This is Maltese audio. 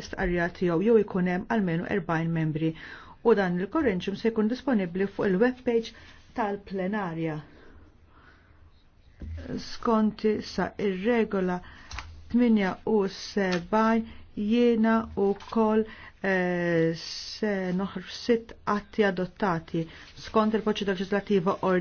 istqarrija tiegħu jew ikun hemm almenu 40 membri u dan il-korrenċum se jkun disponibbli fuq il-webpage tal-plenarja. Skonti sa ir-regola 78 jiena u kol eh, se noħr atti adottati skont il-proċedura legislativa